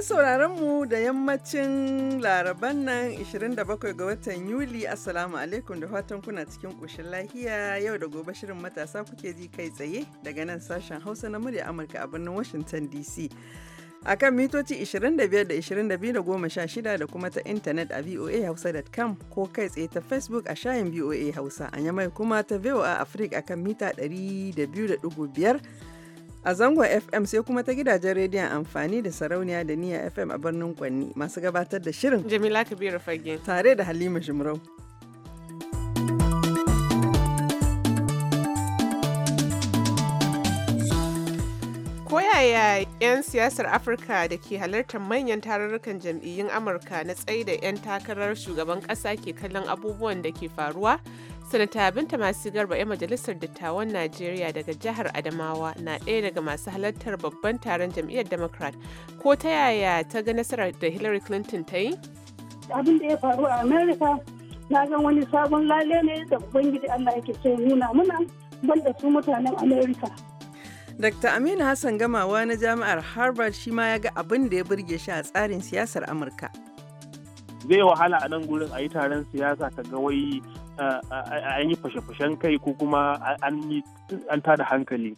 sauraron mu da yammacin laraban nan 27 ga watan Yuli Assalamu alaikum da fatan kuna cikin ƙoshin lahiya yau da gobe shirin matasa kuke ji kai tsaye daga nan sashen Hausa na murya Amurka a birnin Washington DC. A kan mitoci 25 da 22 da 16 da kuma ta intanet a voa voahausa.com ko kai tsaye ta Facebook a shayin VOA Hausa a yamai kuma ta VOA Africa akan mita 200.5 A zango FM sai kuma ta gidajen rediyon amfani da sarauniya da niyya FM a birnin Kwanni masu gabatar da shirin. Jamila Kabiru Fage. Tare da Halima jimrau Koyaya 'yan siyasar Afirka da ke halartar manyan tarurrukan jam'iyyun Amurka na tsaida 'yan takarar shugaban ƙasa ke kallon abubuwan da ke faruwa Sanata Binta Masu Garba 'yan Majalisar Dattawan Najeriya daga jihar Adamawa na ɗaya daga masu halartar babban taron jam'iyyar Democrat. Ko ta yaya ta ga nasarar da Hillary Clinton ta yi? Abin da ya faru a america na ga wani sabon lale ne da Ubangiji Allah yake so nuna muna banda su mutanen america. Dr. Aminu Hassan Gamawa na Jami'ar Harvard shi ma ya ga abin da ya burge shi a tsarin siyasar Amurka. Zai wahala a nan gurin a yi taron siyasa ka ga wai an yi fashe-fashen kai ko kuma an tada hankali.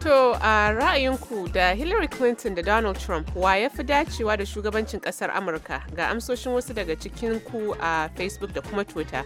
To a ra'ayinku da Hillary Clinton da Donald Trump wa ya fi dacewa da shugabancin kasar Amurka ga amsoshin wasu daga cikin ku a Facebook da kuma Twitter.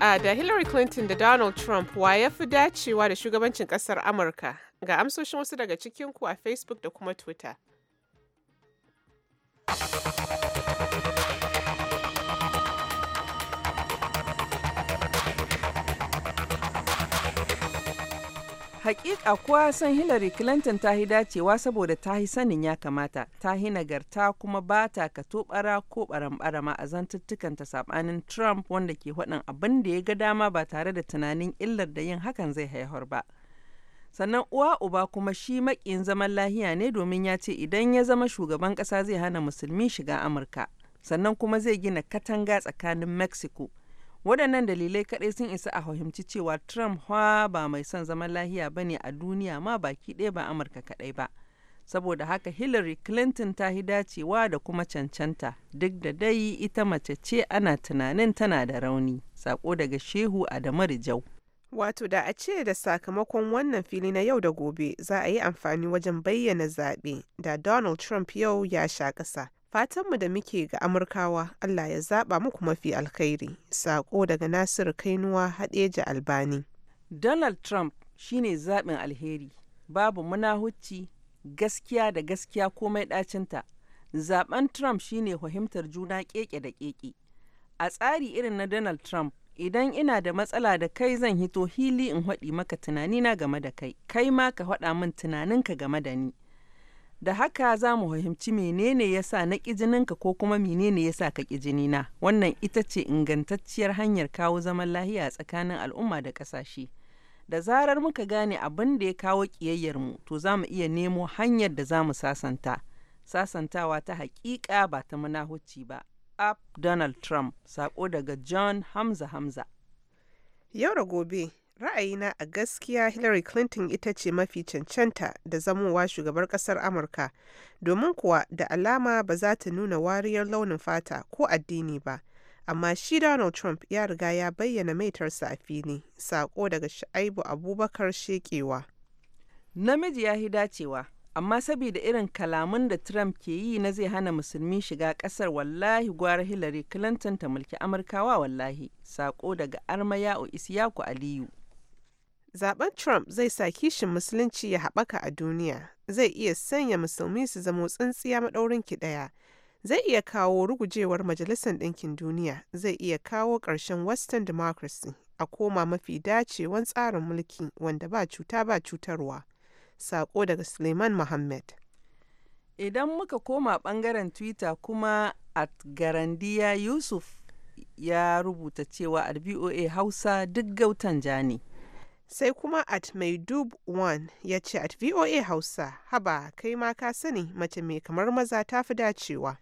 A'a, da Hillary Clinton da Donald Trump wa ya fi dacewa da shugabancin kasar Amurka ga amsoshin wasu daga cikinku a Facebook da kuma Twitter. Hakika kuwa san Hillary Clinton ta yi dacewa saboda ta yi sanin ya kamata, ta yi nagarta kuma ba ta katobara ko barambarama a ta sabanin Trump wanda ke faɗin abin da ya ga dama ba tare da tunanin illar da yin hakan zai haihar ba. Sannan uwa uba kuma shi maƙin zaman lahiya ne domin ya ce idan ya zama shugaban kasa zai hana musulmi shiga Amurka. Sannan kuma zai gina katanga tsakanin Mexico. waɗannan dalilai kaɗai sun isa a fahimci cewa trump hwa ba mai son zaman lahiya ba ne a duniya ma baki ɗaya ba amurka kaɗai ba saboda haka hillary clinton ta yi dacewa da kuma cancanta duk da dai ita mace ce ana tunanin tana da rauni sako daga shehu adamu rijau wato da a ce da sakamakon wannan fili na yau da gobe za a yi amfani wajen bayyana zaɓe da donald trump yau ya sha ƙasa fatanmu da muke ga amurkawa allah ya zaɓa muku mafi alkhairi Sako daga nasiru kainuwa haɗeja albani donald trump shine zaɓin alheri babu munahucci gaskiya da gaskiya komai ɗacinta Zaɓen trump shine fahimtar juna keke da keke a tsari irin na donald trump idan ina da matsala da kai zan hito hili in haɗi maka tunanina game da kai kai ma ka haɗa min tunaninka game da ni da haka za mu fahimci menene ya sa na ƙijininka ko kuma menene ya sa ka ƙijinina wannan ita ce ingantacciyar hanyar kawo zaman lahiya tsakanin al'umma da ƙasashe da zarar muka gane abin da ya kawo ƙiyayyarmu to za mu iya nemo hanyar da za mu sasanta sasantawa ta haƙiƙa ba ta munahuci ba up donald trump sako daga john hamza hamza yau da gobe Ra'ayina a gaskiya Hillary Clinton ita ce mafi cancanta da zamowa shugabar kasar Amurka, domin kuwa da alama ba za ta nuna wariyar launin fata ko addini ba. Amma shi Donald Trump ya riga ya bayyana maitarsa a fili, sako daga sha'aibu Abubakar shekewa. Namiji ya hi dacewa, amma saboda irin kalaman da Trump ke yi na zai hana musulmi shiga kasar wallahi gwara Hillary Clinton ta mulki Amurkawa wallahi sako daga Armaya Isiyaku Aliyu. Zaben Trump zai sa kishin musulunci ya haɓaka a duniya, zai iya sanya musulmi su zama tsintsiya maɗaurin ki ɗaya, zai iya kawo rugujewar Majalisar Ɗinkin Duniya, zai iya kawo ƙarshen Western democracy a koma mafi dacewan tsarin mulki wanda ba cuta ba cutarwa. Sako daga Suleiman Mohammed. Idan muka koma ɓangaren Twitter kuma at Garandiya Yusuf ya rubuta cewa a VOA Hausa duk gautan jani. sai kuma at maidub1 ya ce at voa hausa haba kai ma ka sani mace mai kamar maza ta fi dacewa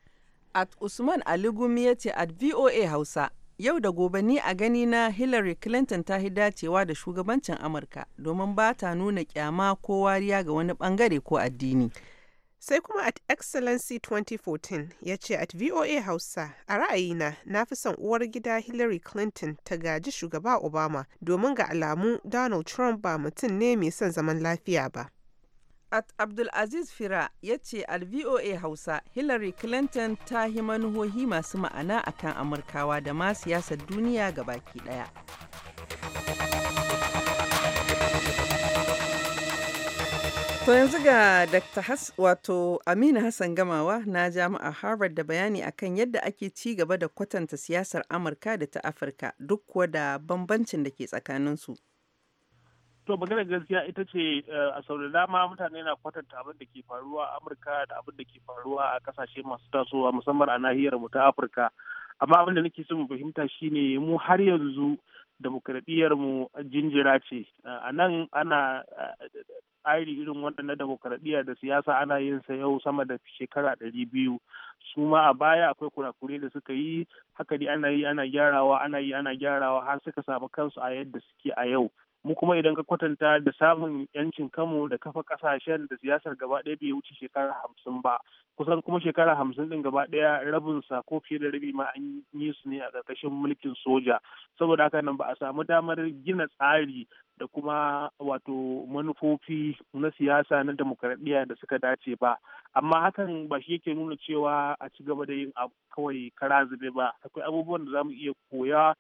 at usman aligumi ya ce at voa hausa yau da gobe ni a gani na hillary clinton ta dacewa da shugabancin amurka domin ba ta nuna kyama ko wariya ga wani bangare ko addini sai kuma at excellency 2014 ya ce at voa hausa a ra'ayina na fi son uwar gida hillary clinton ta gaji shugaba obama domin ga alamu donald trump ba mutum ne mai son zaman lafiya ba at abdulaziz fira ya ce at voa hausa hillary clinton ta yi manuhohi masu ma'ana akan amurkawa da ma siyasar duniya ga baki daya To yanzu ga Dr. Has wato Aminu Hassan Gamawa na jami'a Harvard da bayani akan yadda ake ci gaba da kwatanta siyasar Amurka da ta Afirka duk kuwa da bambancin da ke tsakaninsu. To maganar gaskiya ita ce eh, a sau dama mutane na kwatanta abin da ke faruwa a Amurka da abin da ke faruwa a kasashe masu tasowa musamman a nahiyar mu ta Afirka. Amma abin da nake so mu fahimta ne mu har yanzu demokradiyyar mu jinjira ce. A nan ana tsari irin waɗanda demokaradiyya da siyasa ana yin sa yau sama da shekara ɗari biyu su ma a baya akwai kurakure da suka yi haka dai ana yi ana gyarawa ana yi ana gyarawa har suka samu kansu a yadda suke a yau mu kuma idan ka kwatanta da samun yancin kamo da kafa kasashen da siyasar gaba ɗaya bai wuce shekara hamsin ba kusan kuma shekara hamsin din gaba ɗaya rabin sa ko fiye da rabi ma an yi su ne a ƙarƙashin mulkin soja saboda haka nan ba a samu damar gina tsari da kuma wato manufofi na siyasa na demokradiyya da suka dace ba amma hakan ba shi yake nuna cewa a ci gaba da yin abu kawai kara zube ba akwai abubuwan da za mu iya koya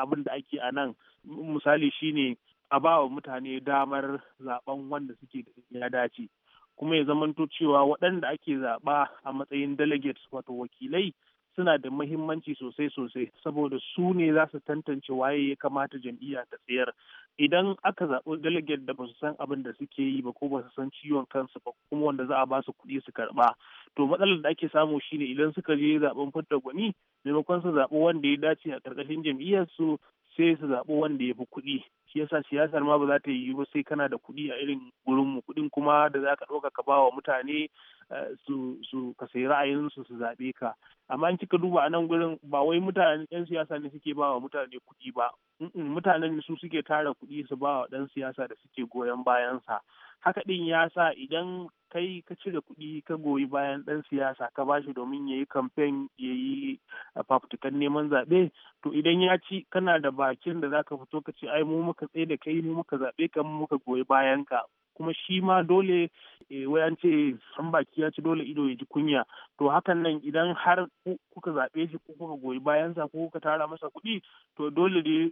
abin da ake a nan misali shine a ba wa mutane damar zaben wanda suke ya dace kuma ya zamanto cewa waɗanda ake zaɓa a matsayin delegates wato wakilai suna da mahimmanci sosai sosai saboda su ne za su tantance waye ya kamata jam'iyya ta tsayar idan aka zaɓi delegate da ba su san abin da suke yi ba ko ba su san ciwon kansu ba kuma wanda za a ba su kuɗi su karɓa to matsalar da ake samu shine idan suka je zaɓen fitar gwani maimakon su zaɓi wanda ya dace a ƙarƙashin jam'iyyar su sai su zaɓi wanda ya fi kuɗi shi yasa siyasar ma ba za ta yi ba sai kana da kuɗi a irin gurinmu kuɗin kuma da za ka ɗauka ka ba wa mutane eh, su su ka sayi ra'ayinsu su zaɓe ka amma in kika duba a nan gurin ba wai mutanen ɗan siyasa ne suke ba wa mutane kuɗi ba mutanen su suke tara kuɗi su ba wa ɗan siyasa da suke goyon bayansa haka ɗin ya sa idan kai ka cire kuɗi ka goyi bayan ɗan siyasa ka bashi domin ya yi kamfen ya yi fafutukan neman zaɓe to idan ya ci kana da bakin da zaka fito ka ce ai mu muka tsaye da kai mu muka zaɓe ka mu muka goyi bayan ka kuma shi ma dole eh, wai an ce san baki ya ci dole ido ya ji kunya to hakan nan idan har kuka zaɓe shi ko kuka goyi bayan sa ko kuka tara masa kuɗi to dole ne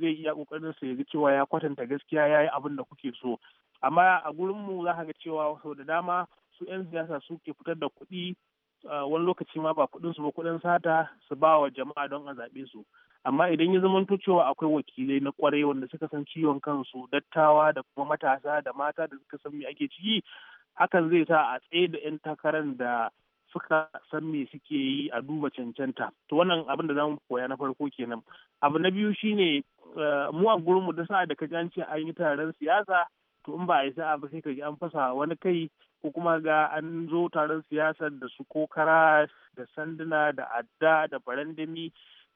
zai iya ƙoƙarin sa ya ga cewa ya kwatanta gaskiya ya yi abin da kuke so amma a gurinmu za ka ga cewa sau da dama su 'yan siyasa suke fitar da kuɗi wani lokaci ma ba kuɗin su ba kuɗin sata su ba wa jama'a don a zaɓe su amma idan ya zama cewa akwai wakilai na kwarai wanda suka san ciwon kansu dattawa da kuma matasa da mata da suka san me ake ciki hakan zai sa a tsaye da 'yan takarar da suka san me suke yi a duba cancanta to wannan abin da za mu koya na farko kenan abu na biyu shine mu a gurinmu da sa da kaji an ce an yi taron siyasa to in ba a yi ba sai ka ji an fasa wani kai ko kuma ga an zo taron siyasar da su kokara da sanduna da adda da barandami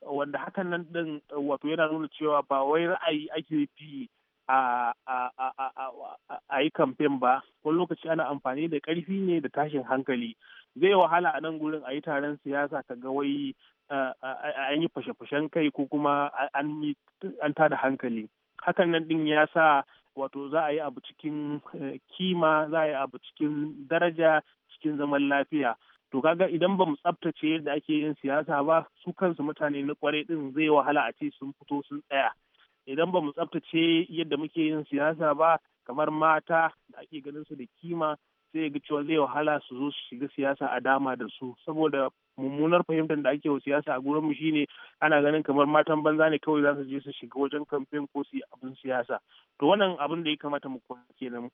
wanda hakan nan din wato yana nuna cewa ba wai ra'ayi ake fi a yi kamfen ba wani lokaci ana amfani da ƙarfi ne da tashin hankali zai wahala a nan gurin a yi taron siyasa ka ga wai an yi fashe-fashen kai ko kuma an tada hankali hakan nan din ya sa wato za a yi abu cikin eh, kima za a yi abu cikin daraja cikin zaman lafiya to kaga idan ba mu tsaftace yadda ake yin siyasa ba su kansu mutane na kware din zai wahala a ce sun fito sun tsaya idan ba mu tsabtace yadda muke yin siyasa ba kamar mata da ake ganin su da kima sai ga cewa zai wahala su zo su shiga siyasa a dama da su saboda mummunar fahimtar da ake wa siyasa a gurin mu shine ana ganin kamar matan banza ne kawai za su je su shiga wajen kamfen ko su yi abin siyasa to wannan abin da ya kamata mu koya kenan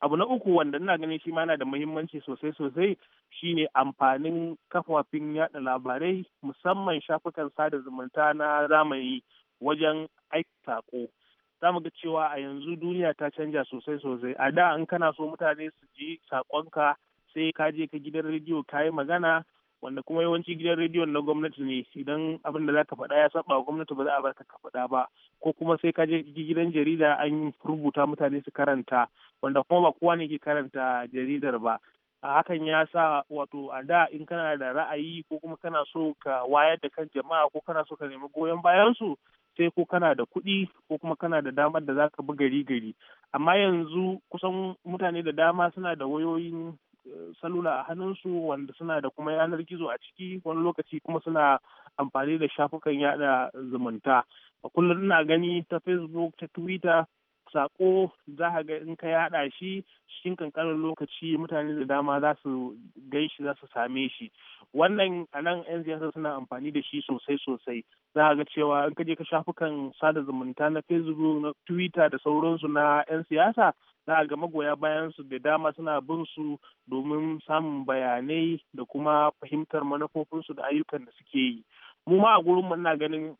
abu na uku wanda ina ganin shi ma yana da muhimmanci sosai sosai shine amfanin kafafin yada labarai musamman shafukan sada zumunta na zamani wajen aika sako za mu ga cewa a yanzu duniya ta canja sosai sosai a da in kana so mutane su ji sakonka sai ka je ka gidan rediyo ka yi magana wanda kuma yawanci gidan rediyon na gwamnati ne idan abin da za ka faɗa ya saba gwamnati ba za a bar ka faɗa ba ko kuma sai ka je gidan jarida an rubuta mutane su karanta wanda kuma ba kowa ne ke karanta jaridar ba a hakan ya sa wato a da in kana da ra'ayi ko kuma kana so ka wayar da kan jama'a ko kana so ka nemi goyon bayan su sai ko kana da kuɗi ko kuma kana da damar da za ka bi gari gari amma yanzu kusan mutane da dama suna da wayoyin eh, salula a hannunsu wanda suna da kuma yanar gizo a ciki wani lokaci kuma suna amfani da shafukan yada zumunta kullum ina gani ta facebook ta twitter sako za ka ga in ka yaɗa shi cikin kankanin lokaci mutane da dama za su gai shi za su same shi wannan a nan 'yan siyasa suna amfani da shi sosai sosai za ka ga cewa in ka je ka shafukan sada zumunta na facebook na twitter da sauransu na 'yan siyasa za ga magoya bayan su da dama suna bin su domin samun bayanai da kuma fahimtar manufofinsu da ayyukan da suke yi mu ma a gurin mu ina ganin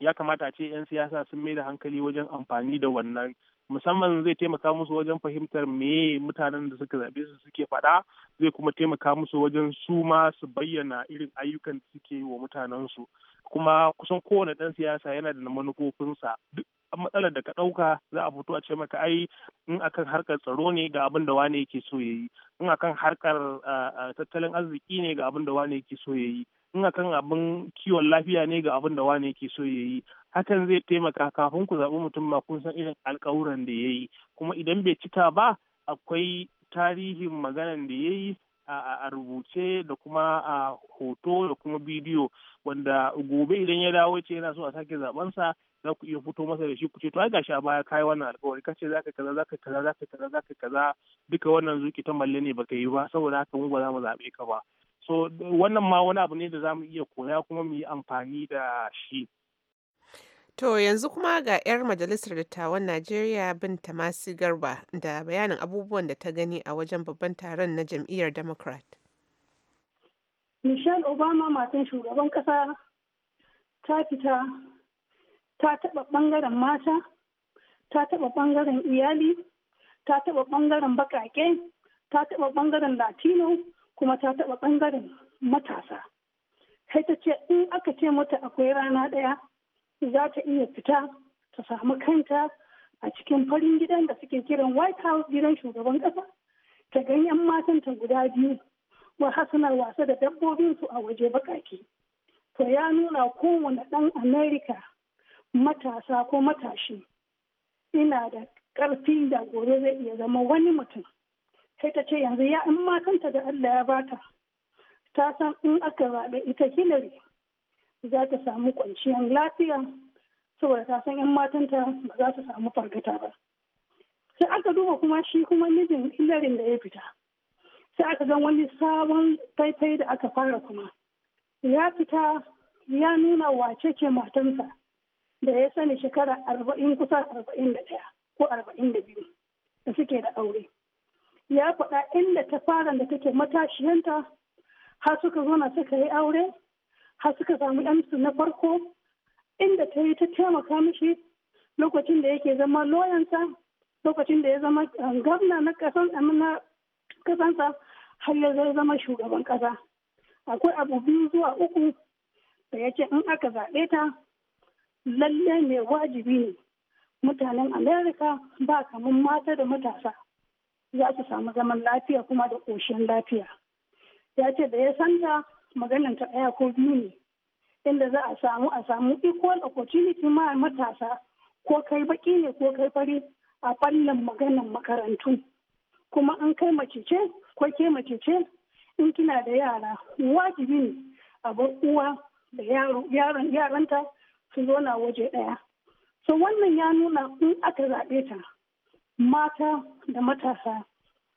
ya kamata a ce 'yan siyasa sun mai da hankali wajen amfani da wannan musamman zai taimaka musu wajen fahimtar me mutanen da suka zaɓe su suke faɗa zai kuma taimaka musu wajen su ma su bayyana irin ayyukan da suke yi wa mutanensu kuma kusan kowane ɗan siyasa yana da manufofinsa duk matsalar da ka ɗauka za a fito a ce maka ai in akan harkar tsaro ne ga abin da wane yake so ya yi in akan harkar ah, ah, tattalin arziki ne ga abin da wane yake so ya yi in akan abin kiwon lafiya ne ga abin da wane yake so ya yi hakan zai taimaka kafin ku zaɓi mutum ma kun san irin alkawuran da ya yi kuma idan bai cika ba akwai tarihin maganan da ya yi a rubuce da kuma a hoto da kuma bidiyo wanda gobe idan ya dawo ce yana so a sake zaɓensa za ku iya fito masa da shi ku ce to ai gashi a baya kai wannan alƙawari ka ce zaka kaza zaka kaza zaka kaza kaza duka wannan zuki ta malle ne baka yi ba saboda haka mu ba za mu zaɓe ka ba so wannan ma wani abu ne da za mu iya koya kuma mu yi amfani da shi To yanzu kuma ga 'yar majalisar dattawan Najeriya Binta Masi Garba da bayanin abubuwan da ta gani a wajen babban taron na jam'iyyar Democrat. Michelle Obama matan shugaban kasa ta fita ta taɓa ɓangaren mata, ta taɓa ɓangaren iyali, ta taɓa ɓangaren baƙaƙe, ta taɓa ɓangaren Latino, kuma ta taɓa ɓangaren matasa Kai ta ce in aka ce mata akwai rana ɗaya za ta iya fita ta samu kanta a cikin farin gidan da suke kiran white house gidan shugaban ƙasa ta ganyen matan ta guda biyu wa hasunar wasa da dabbobinsu a waje bakaki to ya nuna kowane ɗan Amerika. matasa ko matashi ina da ƙarfi da gobe zai iya zama wani mutum sai ta ce yanzu ya in matanta da Allah ya bata ta san in aka zaɓe ita Hillary za ta samu kwanciyar lafiya saboda ta san yan matanta ba za ta samu fargata ba sai aka duba kuma shi kuma mijin Hillary da ya fita sai aka ga wani sabon faifai da aka fara kuma ya fita ya nuna wace ke matansa da ya sani shekara arba'in kusa arba'in da ɗaya ko arba'in da biyu da suke da aure ya faɗa inda ta fara da take matashiyanta har suka na suka yi aure har suka samu yansu na farko inda ta yi ta taimaka mishi lokacin da yake zama loyansa lokacin da ya zama eh, gwamna na kasansa eh, har ya zama shugaban ƙasa akwai abu biyu zuwa uku da ya ce in aka zaɓe ta lalle mai wajibi ne mutanen amerika ba kamar mata da matasa za su samu zaman lafiya kuma da ƙoshin lafiya ya ce da ya santa maganan ta ɗaya ko biyu ne inda za a samu a samu equal opportunity ma matasa ko kai baki ne ko kai fari a fannin maganin makarantu kuma an kai macece ko ke macece in kina da yara wajibi ne a bar uwa da yaron yaranta su zo na waje ɗaya so wannan ya nuna in aka zaɓe ta mata da matasa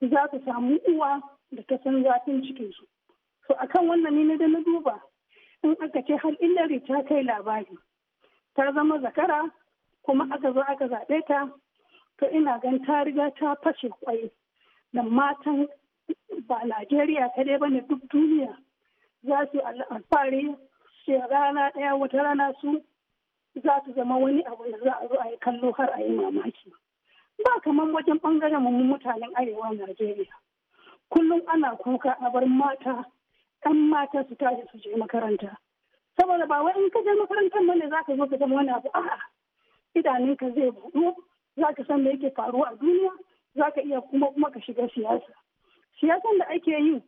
za su samu uwa da ta san zafin cikinsu. To a kan wannan ne da na duba in aka ce har illari ta kai labari ta zama zakara kuma aka zo aka zaɓe ta to ina gan ta riga ta fashe kwai da matan ba Najeriya kaɗai ba ne duk duniya za su alfahari shi rana ɗaya wata rana su za su zama wani abu da za a zo a yi kallo har a yi mamaki. ba kamar wajen bangaren mu mutanen arewa Najeriya kullum ana kuka a bar mata ɗan mata su tashi su je makaranta saboda ba wai in ka je makarantar ne za ka zo ka zama wani abu a'a idanunka zai buɗu za ka san me yake faruwa a duniya za ka iya kuma kuma ka shiga siyasa siyasan da ake yi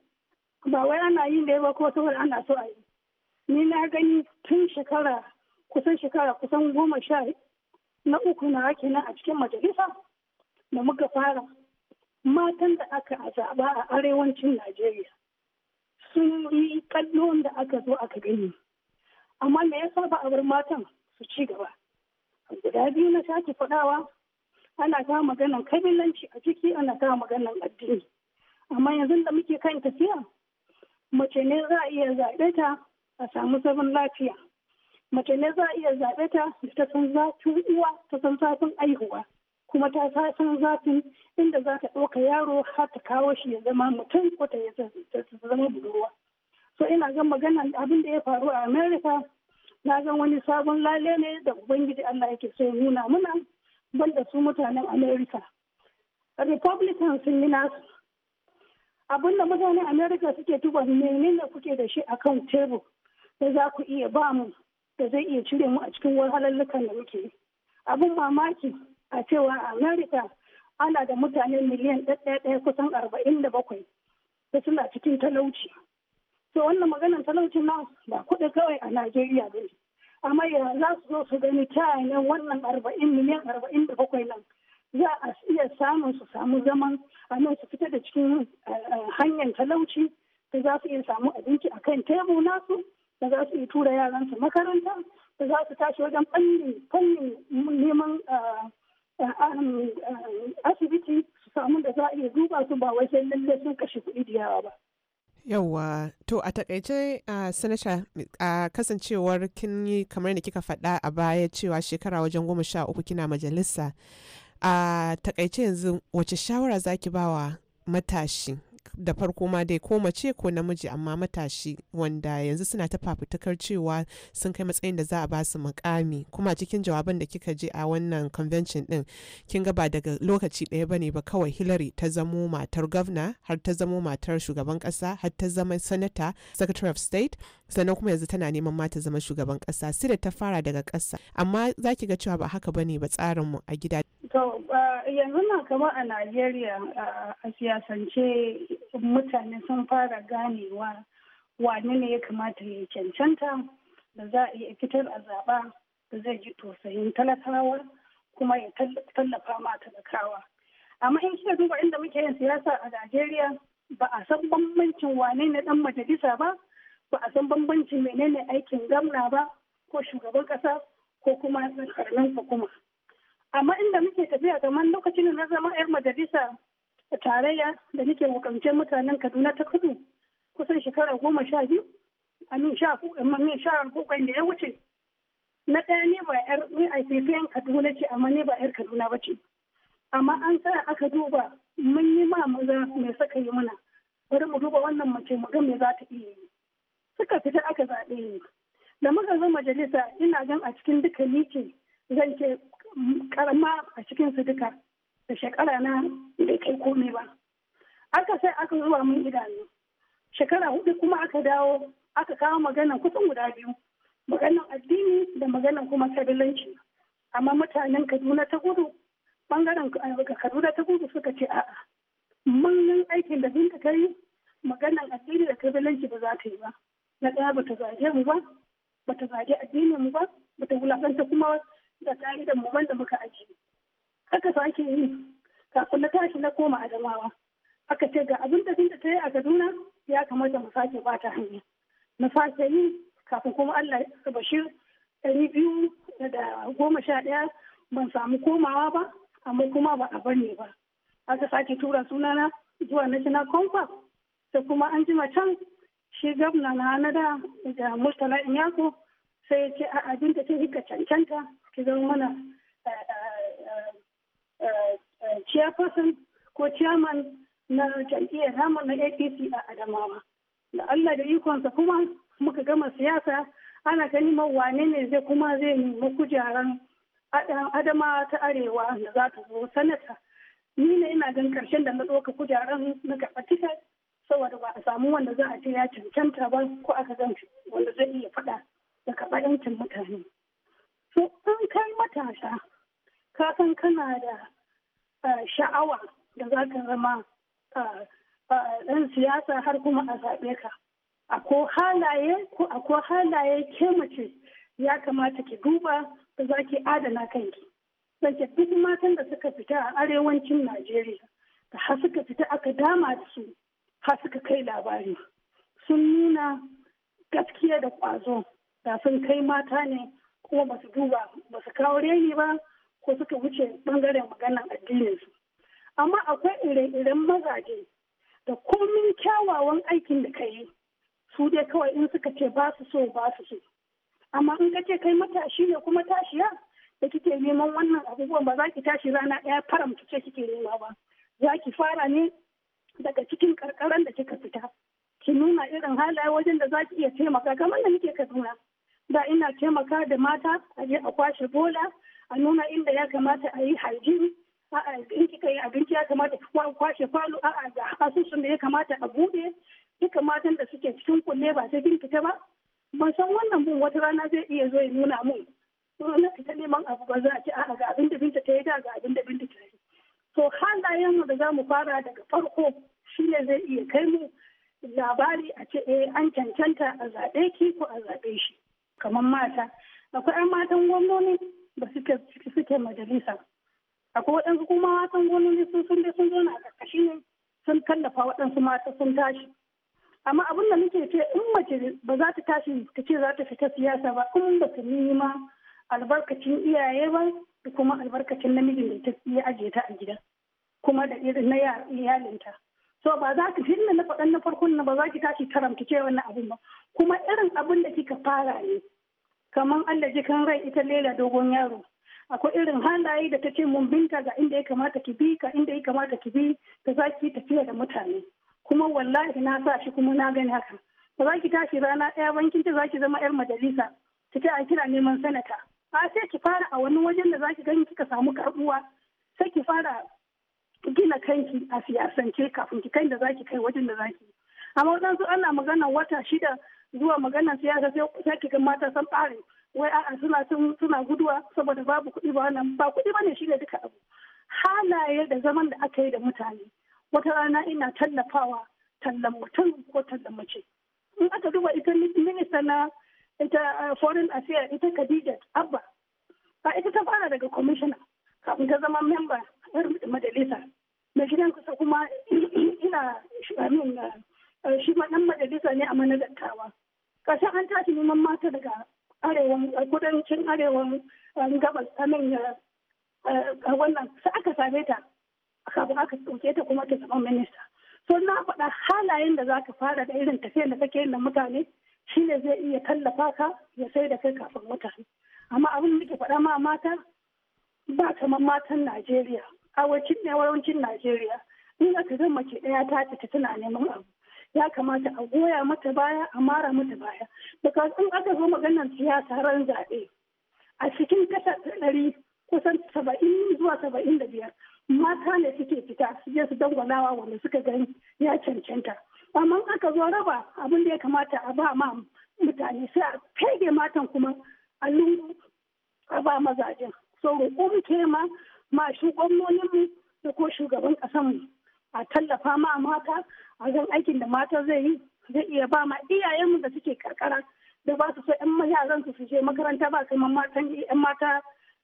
ba wai ana yi da yawa ko saboda ana so a yi ni na gani tun shekara kusan shekara kusan goma sha na uku na ake nan a cikin majalisa da muka fara matan da aka zaba a arewacin Najeriya sun yi kallon da aka zo aka gani. Amma me yasa ba a bar matan su ci gaba? Guda biyu na sake faɗawa ana ta maganan kabilanci a ciki ana ta maganan addini. Amma yanzu da muke kan tafiya mace ne za a iya zaɓe ta a samu zaman lafiya. Mace ne za a iya zaɓe ta da ta san zafin uwa ta san zafin aihuwa. kuma ta san zafin inda za ta ɗauka yaro har ta kawo shi ya zama mutum ko ta zama budurwa so ina ga magana abin da ya faru a america na ga wani sabon lale ne da ubangiji allah yake so ya nuna muna banda su mutanen america republican sun yi nasu abin da mutanen america suke tuba menene kuke da shi akan tebur da za ku iya ba mu da zai iya cire mu a cikin wahalallukan da muke abin mamaki a cewa america ana da mutane miliyan ɗaya kusan arba'in da bakwai da suna cikin talauci to wannan maganar talauci na ba kuɗi kawai a najeriya ba amma ya za su zo su gani ta wannan arba'in miliyan arba'in da bakwai nan za a iya samun su samu zaman a nan su fita da cikin eh, eh, hanyar talauci da za su iya samu abinci a kan tebur nasu da za su iya tura yaransu makaranta da za su tashi wajen fannin neman eh, asibiti su samu da za a iya duba su ba wai sai lalle sun kashe kuɗi da yawa ba. Yawwa, to a takaice a sanata a kasancewar kin yi kamar da kika faɗa a baya cewa shekara wajen goma sha uku kina majalisa. A takaice yanzu wace shawara zaki bawa matashi da farko ma dai ko mace ko namiji amma matashi wanda yanzu suna ta fafutukar cewa sun kai matsayin da za a ba su mukami kuma cikin jawaban da kika je a wannan convention din kin ga ba daga lokaci ɗaya bane ba kawai Hillary ta zamo matar gwamna har ta zamo matar shugaban ƙasa har ta zama sanata secretary of state sannan kuma yanzu tana neman mata zama shugaban kasa sai da ta fara daga kasa amma za ki ga cewa ba haka bane ba tsarin mu a gida. To yanzu na kama a Najeriya a siyasance mutane sun fara ganewa wane ne ya kamata ya cancanta da za a iya fitar a zaɓa da zai ji tausayin talakawa kuma ya tallafa ma talakawa. Amma in kika duba inda muke yin siyasa a Najeriya ba a san bambancin wane ne dan majalisa ba ba a san bambanci menene aikin gamna ba ko shugaban kasa ko kuma karamin hukuma amma inda muke tafiya kamar lokacin da na zama yar majalisa tarayya da nake wakance mutanen kaduna ta kudu kusan shekara goma sha biyu a min sha min sha hukun da ya wuce na ɗaya ne ba yar ni a fifiyan kaduna ce amma ne ba yar kaduna ba ce amma an sa aka duba mun yi ma maza mai saka yi mana bari mu duba wannan mace mu ga me za ta iya yi suka fita aka zaɓe ni da muka zo majalisa ina gan a cikin duka nike zan ke karama a cikin su duka da shekara na bai kai komai ba aka sai aka zuwa mun idanu shekara hudu kuma aka dawo aka kawo maganan kusan guda biyu maganan addini da maganan kuma kabilanci amma mutanen kaduna ta gudu bangaren eh, kaduna ta gudu suka ce a'a yi aikin da sun kai maganan addini da kabilanci ba za ta yi ba na ɗaya bata zage mu ba ta zage addinin mu ba bata wulakanta kuma da da mu wanda muka ajiye haka sake yi kafin na tashi na koma adamawa aka ce ga abin da ta yi a kaduna ya kamata mu sake ba ta hanya na sake yi kafin kuma allah ya bashir ɗari biyu da goma sha ɗaya ban samu komawa ba amma kuma ba a bane ba aka sake tura sunana zuwa na national compact da kuma an jima can shi gwamna na nada da mustala murtala inyako sai ce a abin da hika cancanta ki zama mana eh, eh, eh, chairperson ko chairman na jam'iyyar namun na apc a adamawa da allah da ikonsa kuma muka gama siyasa ana gani wane ne zai kuma zai nemi kujeran Adamawa ta arewa da za ta zo sanata ni ne ina gan karshen da na ɗauka kujeran na karɓa tiket saboda ba a samu wanda za a ce ya cancanta ba ko aka zan wanda zai iya faɗa da kaɓa yancin mutane. So in kai matasa ka san kana da eh, sha'awa da za ka zama eh, eh, ɗan siyasa har kuma a zaɓe ka. A halaye ko ako halaye ke mace ya kamata ki duba da za ki adana kanki. Sake duk matan da suka fita a arewacin Najeriya da har suka fita aka dama da su har suka kai labari sun nuna gaskiya da ƙwazo da sun kai mata ne kuma ba su duba ba su kawo reni ba ko suka wuce bangaren maganar addininsu amma akwai ire-iren mazaje da komin kyawawan aikin da ka yi su dai kawai in suka ce ba su so ba su so amma in ka ce kai matashi ne kuma tashiya da kike neman wannan abubuwan ba za ki tashi rana ɗaya faramta ce kike nema ba za ki fara ne daga cikin karkaran da kika fita ki nuna irin halaye wajen da za ki iya taimaka kamar da nake kaduna da ina taimaka da mata a je a kwashe bola a nuna inda ya kamata a yi hygiene a'a in kika yi abinci ya kamata a kwashe falo a'a da asusun da ya kamata a bude duka matan da suke cikin kunne ba sai kin fita ba ban san wannan mun wata rana zai iya zo ya nuna mun na fita neman abu ba za a ci a'a ga abin da binta ta yi da ga abin da binta ta yi to halayen da za mu fara daga farko shi ne zai iya kai mu labari a ce eh an cancanta a zaɓe ki ko a zaɓe shi kamar mata akwai 'yan matan gwamnoni ba suke suke majalisa akwai waɗansu kuma matan gwamnoni sun sun sun zo na ƙarƙashi ne sun tallafa waɗansu mata sun tashi amma abin da muke ce in mace ba za ta tashi ta ce za ta fita siyasa ba in ba ta ma albarkacin iyaye ba da kuma albarkacin namijin da ta iya ajiye ta a gida kuma da irin na iyalinta so ba za ki tunda na faɗan na farkon na ba za ki tashi karamta ce wannan abin ba kuma irin abin da kika fara ne kamar Allah ji kan rai ita lela dogon yaro akwai irin halaye da ta ce mun binta ga inda ya kamata ki bi ka inda ya kamata ki bi ta za ki tafiya da mutane kuma wallahi na sa shi kuma na gani haka ba za ki tashi rana ɗaya bankin ta za ki zama yar majalisa ta ce a kira neman sanata a sai ki fara a wani wajen da za ki gani kika samu karɓuwa sai ki fara gina kanki a siyasance kafin ki kai da zaki kai wajen da zaki amma waɗansu ana magana wata shida zuwa magana siyasa sai ki ga mata san tsari wai a'a suna suna guduwa saboda babu kuɗi ba wannan ba kuɗi bane shine duka abu halaye da zaman da aka yi da mutane wata rana ina tallafawa tallan mutum ko tallan mace in aka duba ita minista na ita eh, foreign affairs ita Khadija Abba ba ita ta fara daga commissioner kafin ta zama member majalisa mai gidan kusa kuma ina da eh, shi ma dan majalisa ne a mana dattawa kasan an tashi neman mata daga arewan eh, kudancin arewan eh, gabas amin a wannan su aka same ta kafin aka ɗauke ta kuma ta zama minista so na faɗa halayen da za ka fara da irin tafiyar da kake yin da mutane shine zai iya tallafa ka ya sai da kai kafin mutane amma abin da ke faɗa ma mata ba kamar matan najeriya wacin ne yawancin najeriya in aka ga mace ɗaya ta fita tana neman abu ya kamata a goya mata baya a mara mata baya daga in aka zo maganar siyasa ran zaɓe a cikin kasa ɗari kusan saba'in zuwa saba'in da biyar mata ne suke fita su je su dangwalawa wanda suka gani ya cancanta amma aka zo raba abin da ya kamata a ba ma mutane sai a fege matan kuma a lungu a ba mazajen so roƙo muke ma ma shi gwamnoninmu da ko shugaban mu a tallafa ma mata a zan aikin da mata zai yi zai iya ba ma iyayenmu da suke karkara da ba su so yan yaran su su je makaranta ba kamar matan yan mata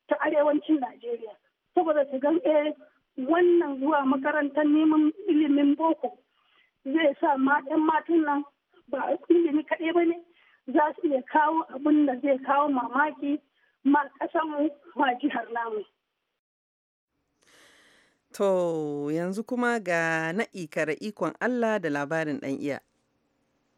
ta arewacin Najeriya saboda su gan eh wannan zuwa makarantar neman ilimin boko zai sa ma yan matan nan ba ilimi kaɗai ba ne za su iya kawo abin da zai kawo mamaki ma ƙasanmu ma jihar namu. To yanzu kuma ga na'i kara ikon Allah da labarin ɗan iya.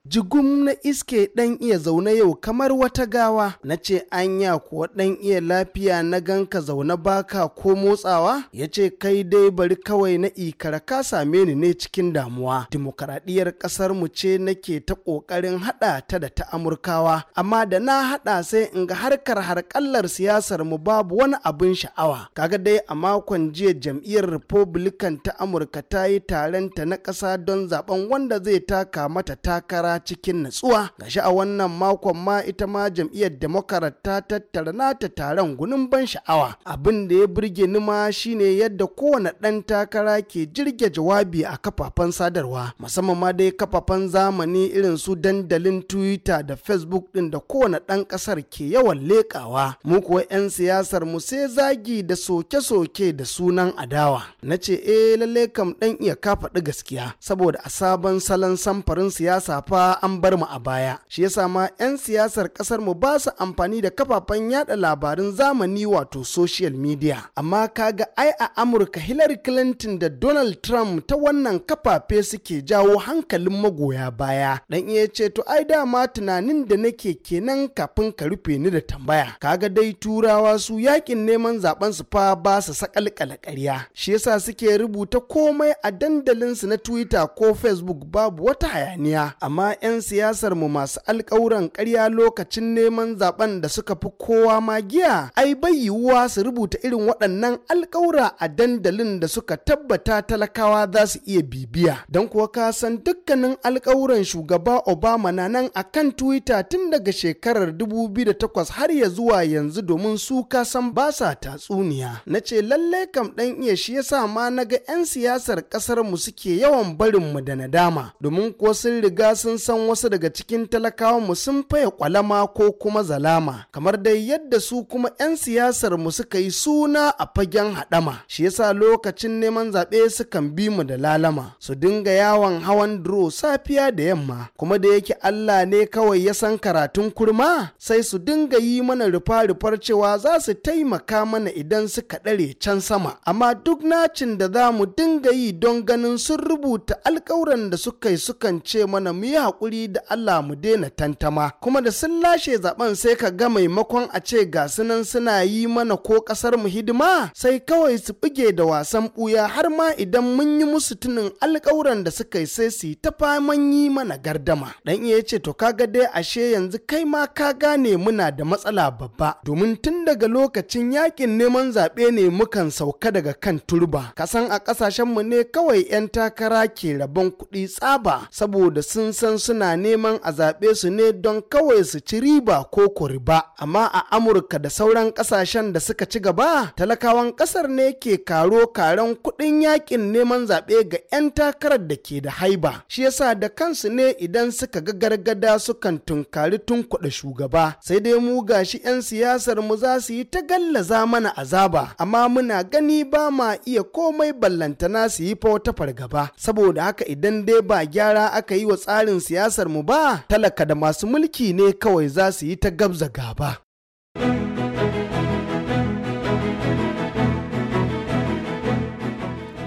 jigum na iske ɗan iya zaune yau kamar wata gawa na ce anya kuwa ɗan iya lafiya na ganka zaune baka ko motsawa ya ce kai dai bari kawai na ikara ka same ni ne cikin damuwa dimokuraɗiyar ƙasarmu ce nake ta ƙoƙarin haɗa ta da ta amurkawa amma da na haɗa sai in ga harkar harƙallar siyasar mu babu wani abin sha'awa kaga dai a makon jiya jam'iyyar republican ta amurka ta yi taron ta na ƙasa don zaɓen wanda zai taka mata takara takara cikin natsuwa gashi a wannan makon ma ita ma jam'iyyar democrat ta tattara nata taron gunin ban sha'awa abin da ya burge ni ma shine yadda kowane ɗan takara ke jirge jawabi a kafafen sadarwa musamman ma dai kafafen zamani irin su dandalin twitter da facebook ɗin da kowane ɗan ƙasar ke yawan lekawa mu kuwa 'yan siyasar mu sai zagi da soke-soke da sunan adawa na ce eh lallai kam ɗan iya kafaɗi gaskiya saboda a sabon salon samfarin siyasa fa fa an bar mu a baya shi yasa ma 'yan siyasar kasar mu ba su amfani da kafafen yada labarin zamani wato social media amma kaga ai a amurka hillary clinton da donald trump ta wannan kafafe suke jawo hankalin magoya baya dan iya ce to ai dama tunanin da nake kenan kafin ka rufe ni da tambaya kaga dai turawa su yakin neman zaben su fa ba su sakalkala ƙarya shi yasa suke rubuta komai a dandalin su na twitter ko facebook babu wata hayaniya amma 'yan siyasarmu masu alkawuran karya lokacin neman zaben da suka fi kowa magiya ai bai yiwuwa su rubuta irin waɗannan alkawura a dandalin da suka tabbata talakawa za su iya bibiya don kuwa ka san dukkanin alkawuran shugaba obama na nan a kan twitter tun daga shekarar 2008 har ya zuwa yanzu domin su ka san ba sa tatsuniya na ce lallai kam dan iya shi ya sa ma na ga 'yan siyasar ƙasarmu suke yawan barinmu da nadama domin kuwa sun riga sun san wasu daga cikin talakawa mu sun faya kwalama ko kuma zalama kamar dai yadda su kuma 'yan siyasar mu suka yi suna a fagen haɗama shi yasa lokacin neman zaɓe sukan bi mu da lalama su dinga yawon hawan duro safiya da yamma kuma da yake Allah ne kawai ya san karatun kurma sai su dinga yi mana rufa-rufar cewa za su taimaka mana idan suka ɗare can sama amma duk nacin da za mu dinga yi don ganin sun rubuta alkawuran da suka yi sukan ce mana mu yi haƙuri da Allah mu daina tantama kuma da sun lashe zaben sai ka ga maimakon a ce ga sunan suna yi mana ko ƙasar mu hidima sai kawai su buge da wasan ɓuya har ma idan mun yi musu tunin alƙawuran da suka yi sai su yi ta faman yi mana gardama dan iya ce to kaga dai ashe yanzu kai ma ka gane muna da matsala babba domin tun daga lokacin yakin neman zaɓe ne mukan sauka daga kan turba kasan a mu ne kawai 'yan takara ke rabon kuɗi tsaba saboda sun san suna neman a zaɓe su ne don kawai su ci riba ko kuriba amma a amurka da sauran ƙasashen da suka ci gaba talakawan ƙasar ne ke karo karen kuɗin yakin neman zaɓe ga 'yan takarar da ke da haiba shi yasa da kansu ne idan suka ga gargada sukan tunkari tun kuɗa shugaba sai dai mu gashi 'yan siyasar mu za su yi ta gallaza mana azaba amma muna gani ba ma iya komai ballantana su yi fa wata fargaba saboda haka idan dai ba gyara aka yi wa tsarin siyasar mu ba talaka da masu mulki ne kawai za su yi ta gabza gaba.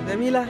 Jamila,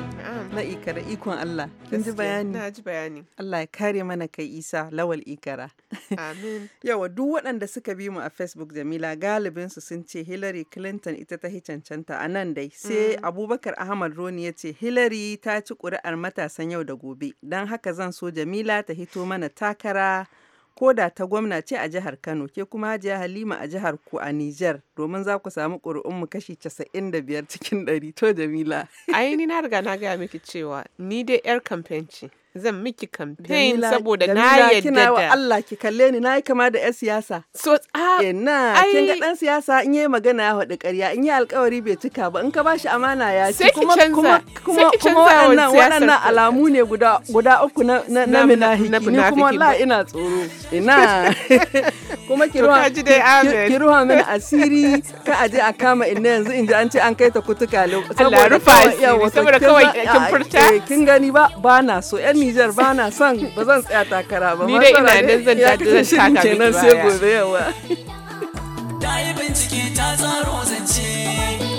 ikara ikon Allah. Kin bayani? Na ji bayani. Allah ya kare mana kai Isa lawal ikara. Amin. Yawa duk waɗanda suka bi mu a Facebook Jamila galibin su sun ce Hillary Clinton ita ta cancanta a nan dai. Sai mm. Abubakar Ahmad Roni ya ce Hillary ta ci ƙuri'ar matasan yau da gobe. Don haka zan so Jamila ta hito mana takara. ko da ta gwamna ce a jihar Kano ke kuma Hajiya Halima a jihar ku a Nijar domin za ku samu ƙuri'un mu kashi 95 cikin 100 to Jamila. Ai ni na riga na gaya miki cewa ni dai yar kamfenci. zan miki campaign saboda na yadda da kina wa Allah ki kalle ni nayi kama da yan siyasa so ah, ina kin ga dan siyasa in yayi magana ya faɗi ƙarya in yi alƙawari bai cika ba in ka bashi amana ya ci kuma kuma kuma kuma wannan wannan alamu ne guda guda uku na na, minahi ni kuma wallahi ina tsoro ina kuma ki ruwa ki ruwa min asiri ka aje a kama inna yanzu in ji an ce an kai ta kutuka saboda kawai saboda kawai kin furta eh, kin gani ba ba na so Nijar ba na son ba zan tsaya takara ba. Ni dai ina nan zan dace zan taka miki baya. sai gobe yawa. Ta yi bincike ta zaro zance.